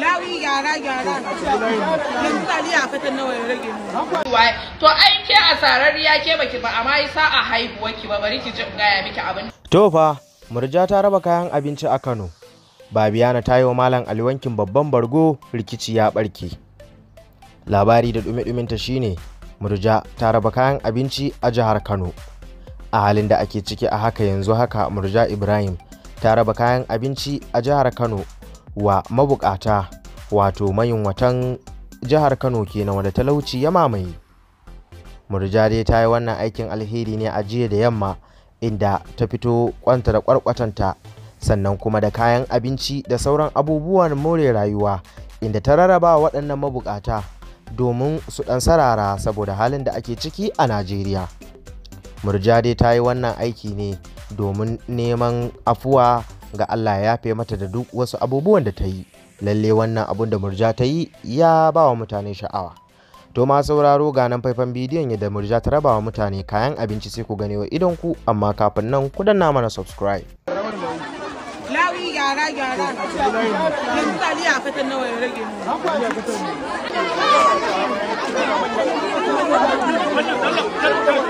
lawi to ai ke asararriya ke baki ba amma yasa a haihuwa ba bari ki ji gaya miki abin to murja ta raba kayan abinci a Kano Babiyana ta yi wa Malam Aliwankin babban bargo rikici ya barke. Labari da ɗumi ɗuminta shine Murja ta raba kayan abinci a jihar Kano. A halin da ake ciki a haka yanzu haka Murja Ibrahim ta raba kayan abinci a jihar Kano wa mabukata wato mayunwatan jihar Kano kenan wanda talauci ya mamaye. Murja ta yi wannan aikin alheri ne a jiya da yamma inda ta fito kwanta da kwarkwatanta sannan kuma da kayan abinci da sauran abubuwan more rayuwa inda ta rarraba waɗannan mabukata domin su ɗan sarara saboda halin da ake ciki a Najeriya. Murjade ta yi wannan aiki ne domin neman afuwa ga Allah ya yafe mata da duk wasu abubuwan da ta yi lalle wannan abun da murja ta yi ya ba wa mutane sha'awa to ma sauraro ga nan faifan bidiyon yadda murja ta raba wa mutane kayan abinci sai ku gane wa idon ku amma kafin nan ku danna mana subscribe nawa ya rage mu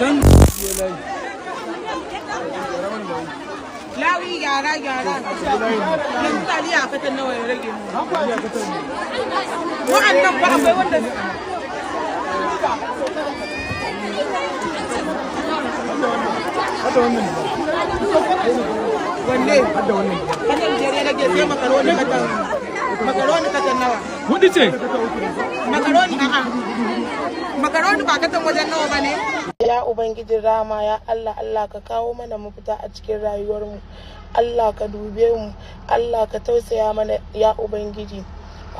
can ya layi lawi gyara da liya katan nawa ya rage mu wanda hada wanne rage sai makaroni makaroni katan nawa hudu ce makaroni a'a makaroni ba katan wajen nawa ba ne ya ubangijin rama ya allah allah ka kawo mana mafita a cikin rayuwarmu allah ka dube mu allah ka tausaya mana ya ubangiji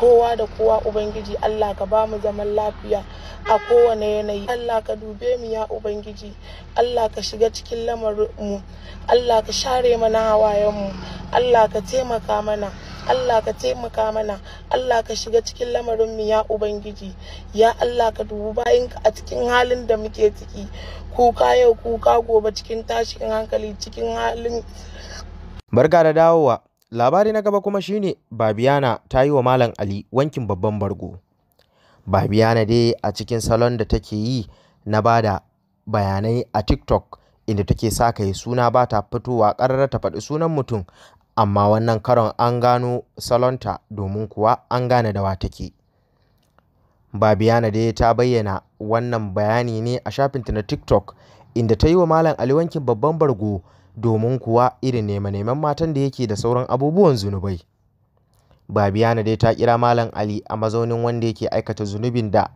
kowa da kowa ubangiji allah ka bamu zaman lafiya a kowane yanayi allah ka dube mu ya ubangiji allah ka shiga cikin lamarinmu allah ka share mana hawayenmu allah ka taimaka mana Allah ka taimaka mana Allah ka shiga cikin lamarin mu ya ubangiji ya Allah ka dubu ka a cikin halin da muke ciki kuka yau kuka gobe cikin tashin hankali cikin halin barka da dawowa labari na gaba kuma shine babiyana ta yi wa malam ali wankin babban bargo babiyana dai a cikin salon da take yi na bada bayanai a tiktok inda take sa kai suna ba ta fitowa ƙarara ta faɗi sunan mutum amma wannan karon an gano salonta domin kuwa an gane da take. Babiana dai ta bayyana wannan bayani ne a shafinta na TikTok inda ta yi wa Malam Ali wankin babban bargo domin kuwa irin nema-neman matan da yake da sauran abubuwan zunubai. Babiyana dai ta kira Malam Ali a mazaunin wanda yake aikata zunubin da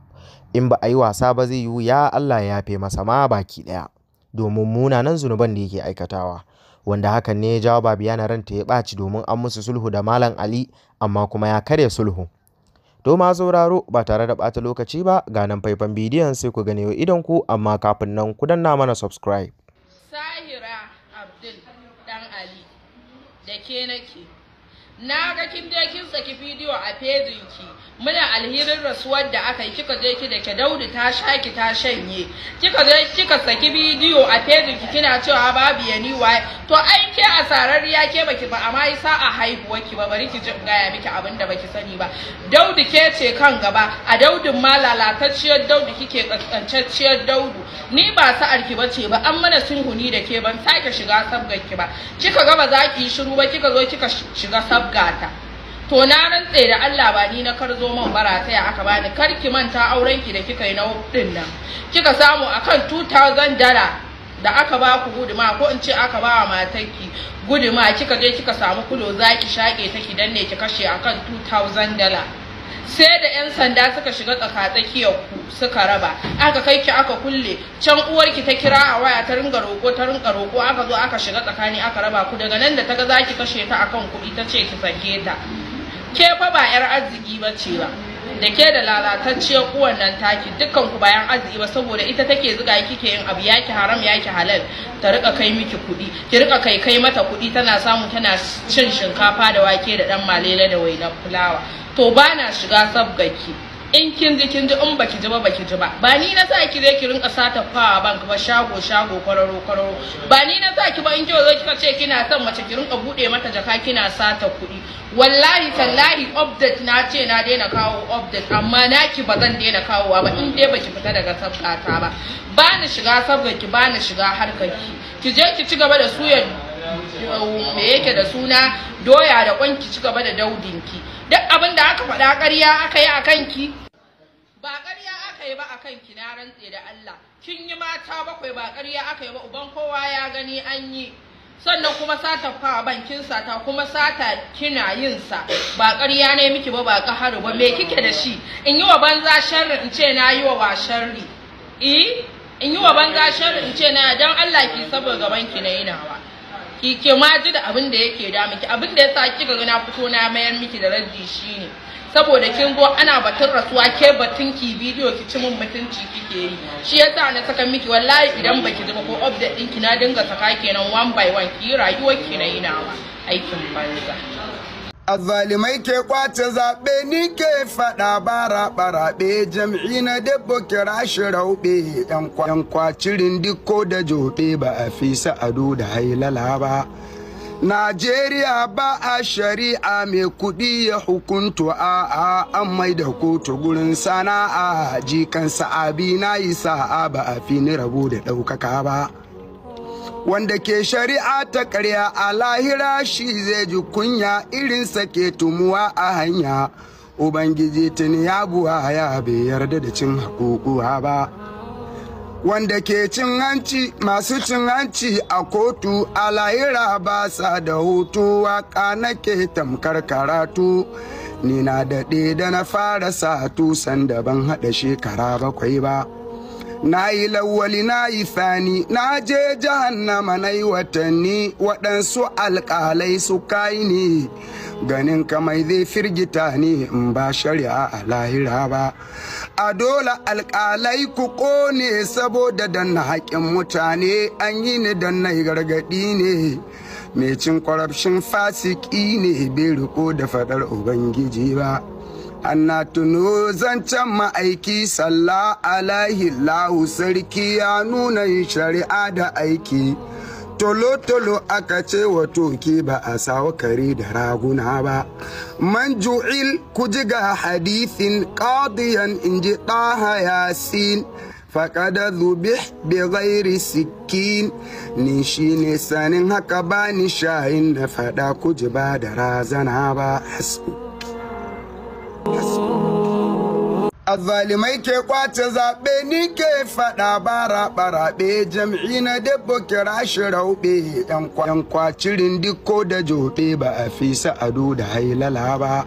in ba a yi wasa ba zai yi ya Allah ya yafe masa ma baki ɗaya domin munanan zunuban da yake aikatawa. wanda hakan ne ya jawo babu Babiyana ranta ya ɓaci domin an musu sulhu da Malam Ali amma kuma ya karya sulhu. To ma sauraro ba tare da ɓata lokaci ba ga nan faifan bidiyon sai ku gane idan ku amma kafin nan ku danna mana subscribe. Sahira nake. na ga kin je kin saki bidiyo a fejin muna alhirin rasuwar da aka yi kika je ki da ke daudu ta shaki ta shanye kika je kika saki bidiyo a fejin kina cewa babu yani wai to ai ke asararriya ke baki ba amma yi sa'a haihuwar ki ba bari ki ji gaya miki abin da baki sani ba daudu ke ce kan gaba a Daudu ma lalatacciyar daudu kike kaskancacciyar daudu ni ba sa'ar ki bace ba an mana sunhuni da ke ban sake shiga sabgar ki ba kika ga ba za ki yi shiru ba kika zo kika shiga sabgar gaggata to na rantse da Allah ba ni na karzo man bara aka bani karki manta auren ki da kika yi na din nan kika samu akan 2000 dala da aka ba ku guduma ko in ce aka ba wa matarki guduma kika je kika samu kulo zaki shake ta ki danne ki kashe akan 2000 dala sai da 'yan sanda suka shiga tsakatsakiyar ku suka raba aka kai ki aka kulle can uwarki ta kira a waya ta ringa roko ta ringa roko aka zo aka shiga tsakani aka raba ku daga nan da ta ga zaki kashe ta akan kuɗi ta ce ki sake ta ke fa ba 'yar arziki ba ce ba da ke da lalatacciyar uwan nan taki dukkan ku bayan arziki ba saboda ita take zuga kike yin abu yaki haram yaki halal ta rika kai miki kuɗi ki rika kai kai mata kuɗi tana samu tana cin shinkafa da wake da dan malele da waina fulawa to bana shiga sabgaki in kin ji kin ji in baki ji ba baki ji ba ba ni na sa ki zai ki rinka sata fawa bank ba shago shago kwararo kwararo ba ni na sa ki ba in kiwa zo kika ce kina son mace ki rinka bude mata jaka kina sata kuɗi wallahi tallahi update na ce na daina kawo update amma na naki ba zan daina kawowa ba in dai baki fita daga sabkata ba ba ni shiga ki ba ni shiga harkar ki ki je ki ci gaba da suya me yake da suna doya da kwanki ci gaba da daudin ki. duk abin da aka faɗa ƙarya aka yi a kanki bakwai ba akan ki na rantse da Allah kin yi mata bakwai ba ƙarya aka yi ba uban kowa ya gani an yi sannan kuma sata fa bankin sata kuma sata kina yin sa ba ƙarya ne miki ba ba ƙaharu ba me kike da shi in yi wa banza sharri in ce na yi wa wa sharri eh in yi wa banza sharri in ce na dan Allah ki saboda gaban ki na yinawa ki ke ma ji da abin da yake da miki abin da yasa kika ga na fito na mayar miki da raddi shine saboda kin go ana batun rasuwa ke batun ki bidiyo ki ci mun mutunci kike yi shi yasa na saka miki wallahi idan baki ji ko update ki na dinga saka kenan one by one ki rayuwar ki na yinawa aikin banza azalimai ke kwace zaɓe ni ke faɗa bara baraɓe jam'i na debbo kira shi rauɓe yan kwacirin diko da joɓe ba a fi sa'adu da hailala ba Najeriya ba a shari'a mai kuɗi ya hukuntu a a an mai da kotu gurin sana'a jikan sa'abi na yi sa'a ba a fi ni rabo da ɗaukaka ba. Wanda ke shari'a ta karya a lahira shi zai ji kunya irin sake tumuwa a hanya. Ubangiji tuni ya buwa ya bai yarda da cin hakukuwa ba. wanda ke cin hanci masu cin hanci a kotu a lahira ba sa da hutu waka nake tamkar karatu ni na daɗe da na fara satu sanda ban haɗa shekara bakwai ba na yi lawali na yi fani na je jahannama na yi watanni waɗansu alƙalai su kai ni ganin kamai zai firgita ne in ba shari'a a lahira ba a dole alƙalai ku ƙone saboda danna haƙƙin mutane an yi ni danna gargaɗi ne mai cin kwarafshin fasiki ne bai riko da faɗar ubangiji ba anna tuno zancen ma'aiki sallah alahi lahu sarki ya nuna shari'a da aiki tolo-tolo aka ce wa tunki ba a sawa kare da raguna ba man ju'il ku ji ga hadithin ƙadiyan in ji ɗaha yasin faƙada zubih bi ghairi sikin ni shi ne sanin haka ba ni shayin na faɗa ku ji ba da razana ba azalimai ke kwace zaɓe ni ke faɗa bara baraɓe jam'i na debbo kira shi rauɓe yan kwacirin dikko da joɓe ba a fi sa'adu da hailala ba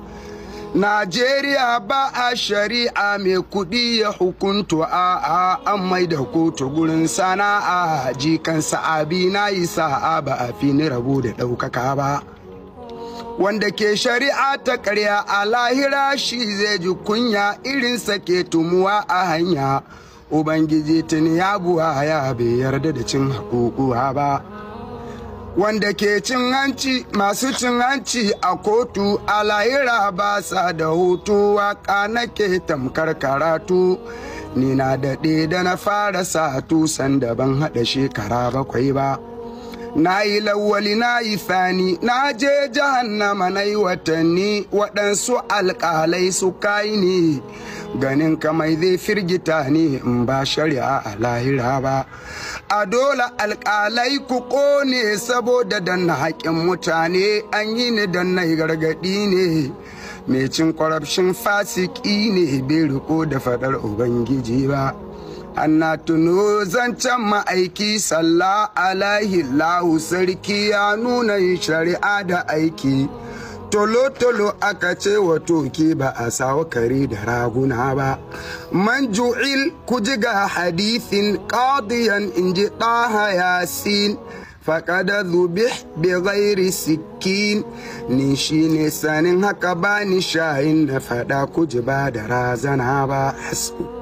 Najeriya ba a shari'a mai kuɗi ya hukuntu a a an mai da kotu gurin sana'a jikan sa'abi na yi sa'a ba a fi ni rabu da ɗaukaka ba. wanda ke shari'a ta ƙarya a lahira shi zai ji kunya irin ke tumuwa a hanya ubangiji tuni ya buwa ya bai yarda da cin hakukuwa ba wanda ke cin hanci masu cin hanci a kotu a lahira ba sa da hutu waka nake tamkar karatu ni na daɗe da na fara sa tusan da ban haɗa shekara bakwai ba na yi lawali na yi fani na je jahannama na yi watanni waɗansu alƙalai su kai ne. ganin kamai zai firgita ne in ba shari'a a lahira ba a dole alƙalai ku ƙone saboda danna haƙƙin mutane an yi ni danna gargaɗi ne mai cin fasiki ne bai riko da faɗar ubangiji ba ana tuno zancen ma'aiki sallah alaihi lahu sarki ya nuna shari'a da aiki. Tolo-tolo aka ce wa toki ba a sawa kare da raguna ba. Man ku ji ga hadithin ƙadiyan in ji ɗaha yasin. faƙada zubih bi ghairi sikin ni shi ne sanin haka ba ni shayin na faɗa ku ji ba da razana ba hasku.